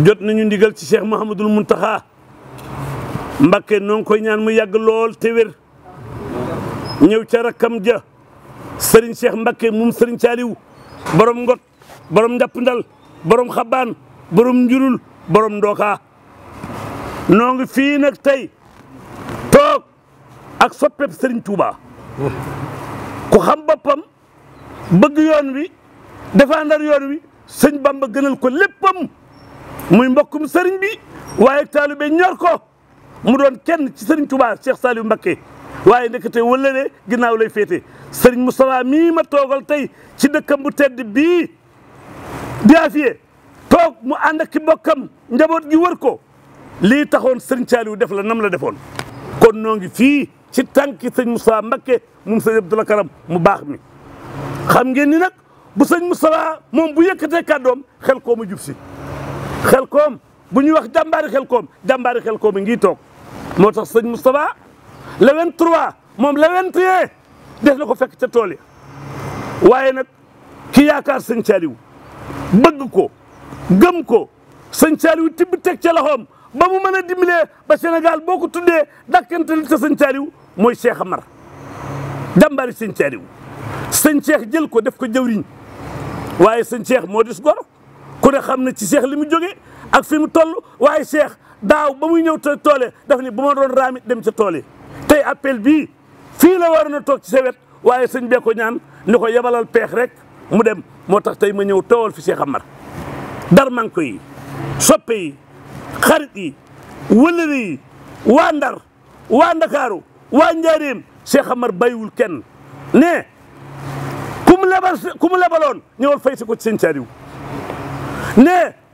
jot nañu ndigal ci Cheikh Mouhamadul Mountakha Mbacké noo ngi koy ñaan mu yàgg lool te wér ñëw ca rakkam ja Serigne Cheikh Mbacké moom Serigne Saliou borom ngot borom njàppndal borom xabaan borom njurul borom ndoka noo ngi fii nag tey toog ak soppeb Serigne Touba ku xam boppam bëgg yoon wi defandar yoon wi sëñ Bamba gënal ko léppam muy mbokkum sëriñ bi waaye taalibe ñor ko mu doon kenn ci sëriñ tubaa Cheikh Saliou Mbacké waaye ndekete wëllëre ginnaaw lay féete sëriñ Moustapha mii ma toogal tey ci dëkkam bu tedd bi di Afiyé toog mu ànd ak ki bokkam njaboot gi wër ko lii taxoon sëriñ wu def la nam la defoon kon noo ngi fii ci tànki sëñ Moustapha Mbacké mu sëñ Abdoulaye Karam mu baax mi xam ngeen ni nag bu sëñ Moustapha moom bu yëkkatee kàddoom xel koo ma jub si xel koom bu ñuy wax jàmbaari xel koom jàmbaari xel koom yi ngi toog moo tax sëñ Moustapha le 23 moom le 21 des na ko fekk ca tool yi waaye nag ki yaakaar sëñ Saliou bëgg ko gëm ko sëñ Saliou tibb teg ca loxoom ba mu mën a dimbalee ba Sénégal boo ko tuddee dàkkanteel ca sëñ mooy Cheikh Amar jàmbaari sëñ Saliou sëñ Cheikh jël ko def ko jëwriñ waaye sëñ Cheikh moo dis gor ku ne xam na ci Cheikh li mu jógee ak fi mu toll waaye Cheikh daaw ba muy ñëw te tool daf ni bu ma doon raami dem ca tool yi tey appel bi fii la war na toog ci sa wet waaye sëñ bee ko ñaan ni ko yebalal peex rek mu dem moo tax tey ma ñëw teewal fi Cheikh Amar darmanko dar soppe yi xarit yi wëlëri yi waa Ndar waa Ndakaaru waa Njaaréem Cheikh mar bàyyiwul kenn ne ku mu lebal ku mu lebaloon ñëwal fay si ko ci seen caariw ne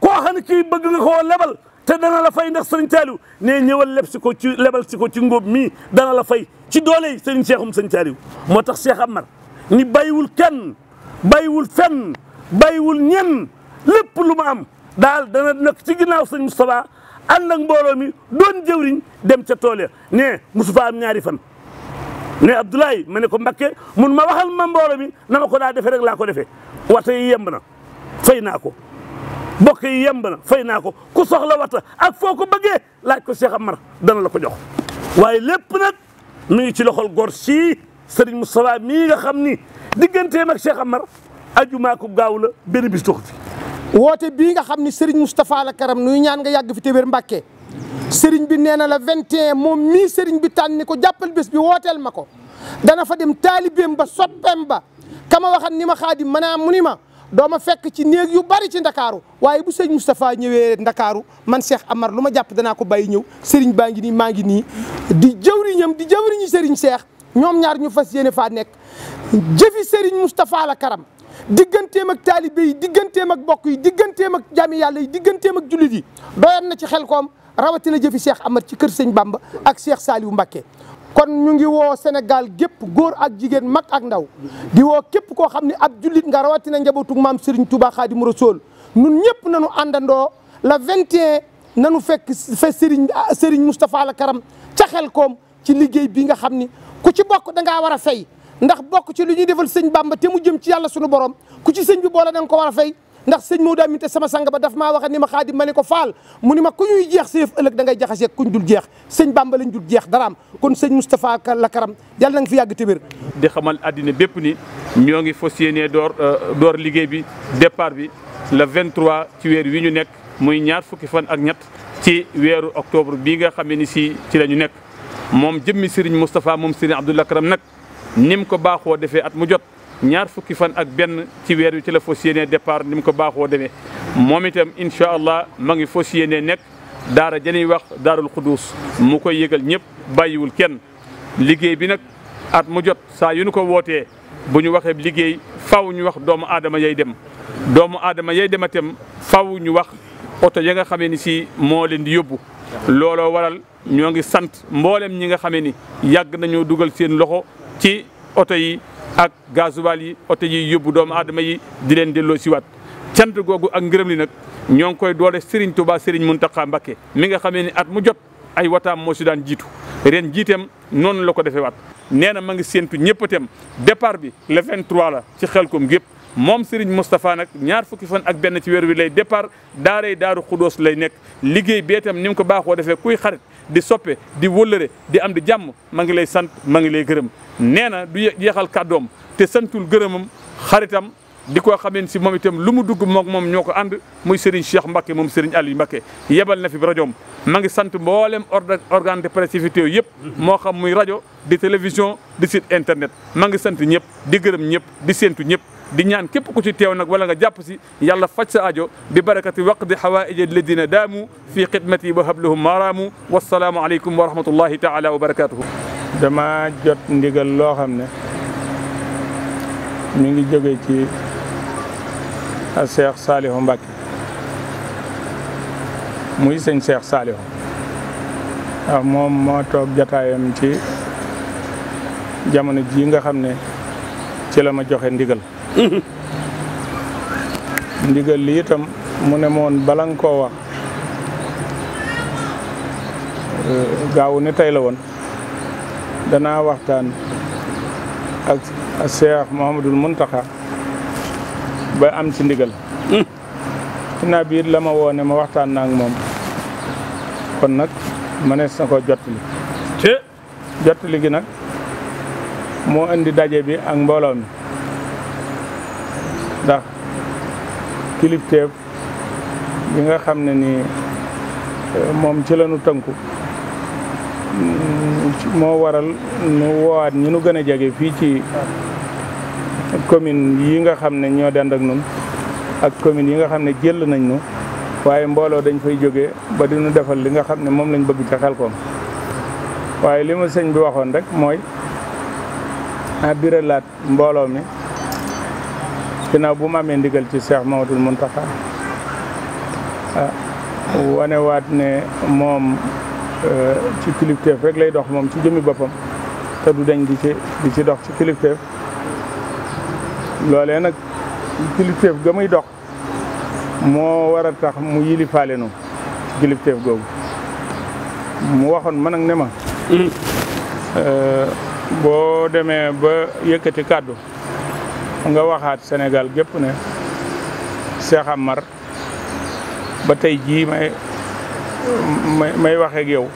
koo xam ne kii bëgg nga koo lebal te dana la fay ndax sëriñ Saliou ne ñëwal leb si ko ci lebal si ko ci ngóob mii dana la fay ci doole yi sëriñ Cheikhum sëriñ Saliou moo tax Cheikh Amar ni bàyyiwul kenn bàyyiwul fenn bàyyiwul ñenn lépp lu ma am daal dana nekk ci ginnaaw sëriñ Moustapha ànd ak mbooloo mi doon jëwriñ dem ca tool ya ne mosu fa am ñaari fan ne Abdoulaye ma ne ko Mbakke mun ma waxal ma mbooloo mi na ma ko daa defee rek laa ko defee waxta yi yemb na fay naa ko mbokk yi yemb na fay naa ko ku soxla wata ak foo ko bëggee laaj ko Cheikh Amar dana la ko jox waaye lépp nag mi ngi ci loxol gor sii Serigne Moustapha mii nga xam ni diggante ak Cheikh Amar ajumaa ko gaaw la benn bis dox fi woote bii nga xam ni Serigne Moustapha la karam nuy ñaan nga yàgg fi te mbakke Mbàkke bi nee na la 21 moom mii Serigne bi ni ko jàppal bés bi wooteel ma ko dana fa dem taalibeem ba soppeem ba kama waxan ni ma xaadim maanaam mu ni ma doo ma fekk ci néeg yu bari ci ndakaaru waaye bu sëñ Moustapha ñëwee ndakaaru man Cheikh Amar lu ma jàpp danaa ko bàyyi ñëw sëriñ baa ngi nii maa ngi nii di jëwriñam di jëwriñu sëriñ Cheikh ñoom ñaar ñu fas yéene faa nekk jëfi sëriñ Moustapha la karam digganteem ak taalibe yi digganteem ak bokk yi digganteem ak jaami yàlla yi digganteem ak jullit yi na ci xel koom rawatina jëfi Cheikh Amar ci kër sëñ Bamba ak Cheikh Saliou Mbacké kon ñu ngi woo Sénégal gépp góor ak jigéen mag ak ndaw di woo képp koo xam ne ak jullit nga rawatina njabootu maam Serigne Touba Khadim Rasoul nun ñëpp nañu àndandoo la 21 nañu fekk fa Serigne Serigne Moustapha la Karam ca xel koom ci liggéey bii nga xam ni ku ci bokk da ngaa war a fay ndax bokk ci lu ñuy defal sëñ Bamba te mu jëm ci yàlla sunu borom ku ci sëñ bi boole da nga ko war a fay. ndax sëñ moo Maodo Aminta sama sang ba daf maa wax ni ma xaadim ma ne ko faal mu ni ma ku ñuy jeex séef ëllëg da ngay jaxasee kuñ dul jeex sëñ Bamba lañ dul jeex daraam kon sëñ Moustapha la karam yàlla na nga fi yàgg te wér di xamal àddina bépp ni ñoo ngi fas yéenee door euh, door liggéey bi départ bi le 23 ci weer wi ñu nekk muy ñaar fukki fan ak ñett ci weeru octobre bii nga xamee ni si ci la ñu nekk moom jëmmi Serigne Moustapha moom Serigne Abdou Lakram nag nim ko baaxoo defee at mu jot ñaar fukki fan ak benn ci weer wi ci la fas yéenee départ ni mu ko baaxoo demee moom itam incha allah ma ngi fas yéenee nekk daara januy wax daarul xuduus mu koy yëgal ñëpp bàyyiwul kenn liggéey bi nag at mu jot saa yu nu ko wootee bu ñu waxee liggéey faw ñu wax doomu aadama yay dem doomu aadama yay dem itam faw ñu wax oto ya nga xamee ni si moo leen di yóbbu looloo waral ñoo ngi sant mboolem ñi nga xamee ni yàgg nañoo dugal seen loxo ci oto yi ak gasoil yi oto yi yóbbu doomu aadama yi di leen delloo siwaat cant googu ak ngërëm li nag ñoo ngi koy doole Serigne Touba Serigne Mountakha Mbacké mi nga xamee ni at mu jot ay wataam moo si daan jiitu ren jiiteem noonu la ko defee waat nee na ma ngi séentu ñëpp itam départ bi le 23 la ci xel koom gépp moom Serigne Moustapha nag ñaar fukki fan ak benn ci weer wi lay départ daaray daaru Xudóos lay nekk liggéey bee itam ni mu ko baaxoo defee kuy xarit. di soppe di wëllëre di am di jàmm ma ngi lay sant ma ngi lay gërëm nee na du yeexal kàddoom te santul gërëmam xaritam di ko xameen si moom itam lu mu dugg moom moom ñoo ko ànd muy Serigne Cheikh Mbacke moom Serigne Aliou Mbacke yebal na fi rajoom ma ngi sant mboolem organe de presse yooyu yëpp moo xam muy rajo di télévision di site internet ma ngi sant ñëpp di gërëm ñëpp di séentu ñëpp di ñaan képp ku ci teew nag wala nga jàpp si yàlla faj sa aajo bi barakati waqdi xawaaija alladina daamu fi xidmati wa hablahum maaraamu wasalaamu aleykum wa rahmatullahi taala wa barakatuhu dama jot ndigal loo xam ne mi ngi jóge ci Cheikh Saliou Mbacké muy sëñ Cheikh Saliou waaw ah, moom moo toog jataayam ci jamono ji nga xam ne ci la ma joxe ndigal ndigal li itam mu ne moon bala nga koo wax eh, gaawu ne tey la woon danaa waxtaan ak Cheikh Mouhamadul Mountakha ba am ci ndigal ginnaaw bi it la ma woo ma waxtaan naa ak moom kon nag mënees na ko jottali jottali gi nag moo indi daje bi ak mbooloo ndax kilifteef yi nga xam ne ni euh, moom ci lañu tënku mm, moo waral nu woowaat ñi nu gën a jege fii ci commune yi nga xam ne ñoo dend ak nun ak commune yi nga xam ne jël nañ nu waaye mbooloo dañ fay jóge ba dinu defal li nga xam ne moom lañ bëgg ci Xelkom waaye li ma sëñ bi waxoon rek mooy a biralaat mbooloo mi ginnaaw bu ma amee ndigal ci Cheikh Mamadou Mountakha ah, wane waat ne moom eh, ci kilifteef rek lay dox moom ci jëmmi boppam te du dañ di ci dox ci kilifteef loole nag kilifteef ga muy dox moo war tax mu yilifaale no ci kilifteef googu mu waxoon ma ak ne ma mm. eh, boo demee ba yëkkati kàddu nga waxaat Sénégal gépp ne Cheikh mar ba tey jii may may wax ak yow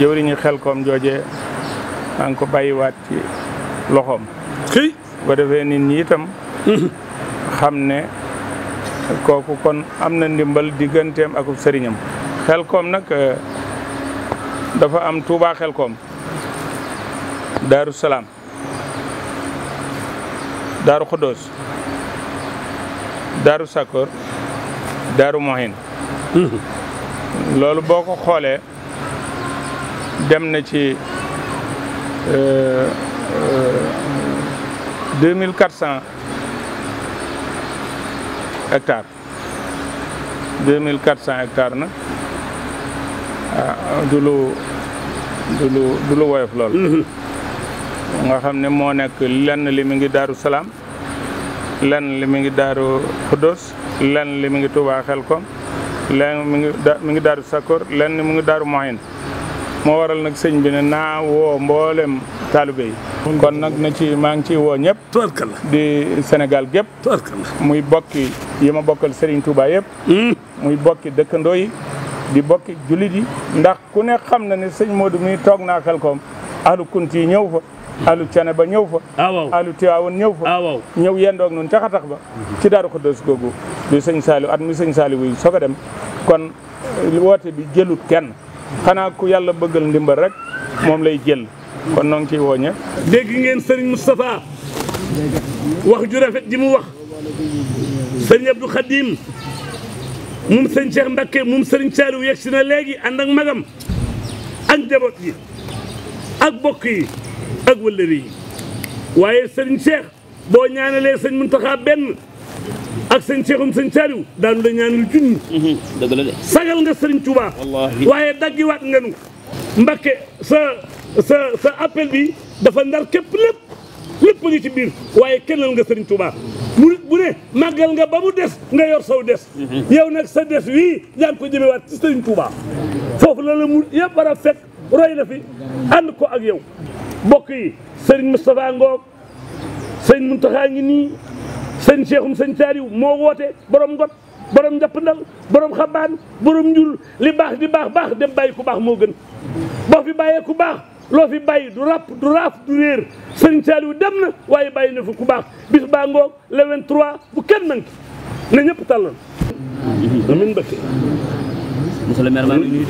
jëwriñu Xelkom jooje maa ngi ko bàyyiwaat ci loxoom. xëy ba defee nit ñi itam. xam ne kooku kon am na ndimbal digganteem ak sëriñam. Xelkom nag dafa am Touba Xelkom Daaru Salaam. daaru Khodoos daaru Sakor daaru Mohin. Mm-hmm. loolu boo ko xoolee dem na ci euh, euh, deux mille quatre cent hectares deux mille quatre cent hectares nag ah du lu woyof loolu. Mm-hmm. nga xam ne moo nekk lenn li mi ngi daaru salaam lenn li mi ngi daaru xuddos lenn li mi ngi tubaa xelkom lenn mi ngi mi ngi daaru sakor lenn mu ngi daaru moyen moo waral nag sëñ bi ne naa woo mboolem taalibe kon nag na ci maa ngi ciy woo ñëpp di senegal gépp muy bokki yi ma bokkal Serigne Touba yëpp hmm. muy bokki dëkkandoo yi di bokki jullit yi ndax ku ne xam na ne sëñ Modou mi toog naa xelkom ahlu kunt yi ñëw fa alu cane ba ñëw fa alu ah, tiwaawoon ñëw fa ah, ñëw yendoog nun ca xatax ba mhm. ci daaru xuddoos googu bi sëñ Saliou at mi sëñ Saliou wuy soog a dem kon woote bi jëlut kenn xanaa ku yàlla bëggal ndimbal rek moom lay jël kon noo ngi ciy woo ñëpp dégg ngeen sëriñ Moustapha wax ju rafet ji mu wax sëriñ Abdou Khadim moom sëriñ Cheikh Mbacké moom si na léegi ànd ak magam ak njaboot yi ak bokk yi ak wëllëre yi waaye sëriñ Cheikh boo ñaanalee sëñ Muntaxa benn ak sëñ Cheikhum sëñ Saliou daanu la ñaanal junni mhm, dëgg la de sagal nga sëriñ Touba waaye daggiwaat nga nu Mbakke sa sa sa appel bi dafa ndar képp lépp lépp ngi ci biir waaye kennal nga sëriñ Touba murit bu ne màggal nga ba mu des nga yor saw des mhm. yow nag sa des wii yaa ngi ko jëmewaat ci sëriñ Touba foofu la la murit yëpp war a fekk roy na fi ànd ko ak yow mbokk yi sëriñ Moustapha Ngoog sëriñ Mountakha ngi nii sëriñ Cheikhoum sëriñ Saliou moo woote borom ngot borom njàppandal borom xabaan borom njur li baax di baax baax dem bàyyi ku baax moo gën boo fi bàyyee ku baax loo fi bàyyi du ràpp du raaf du réer sëriñ Saliou dem na waaye bàyyi na fi ku baax bis baa ngoog le 23 bu kenn manqué na ñëpp tàllal amin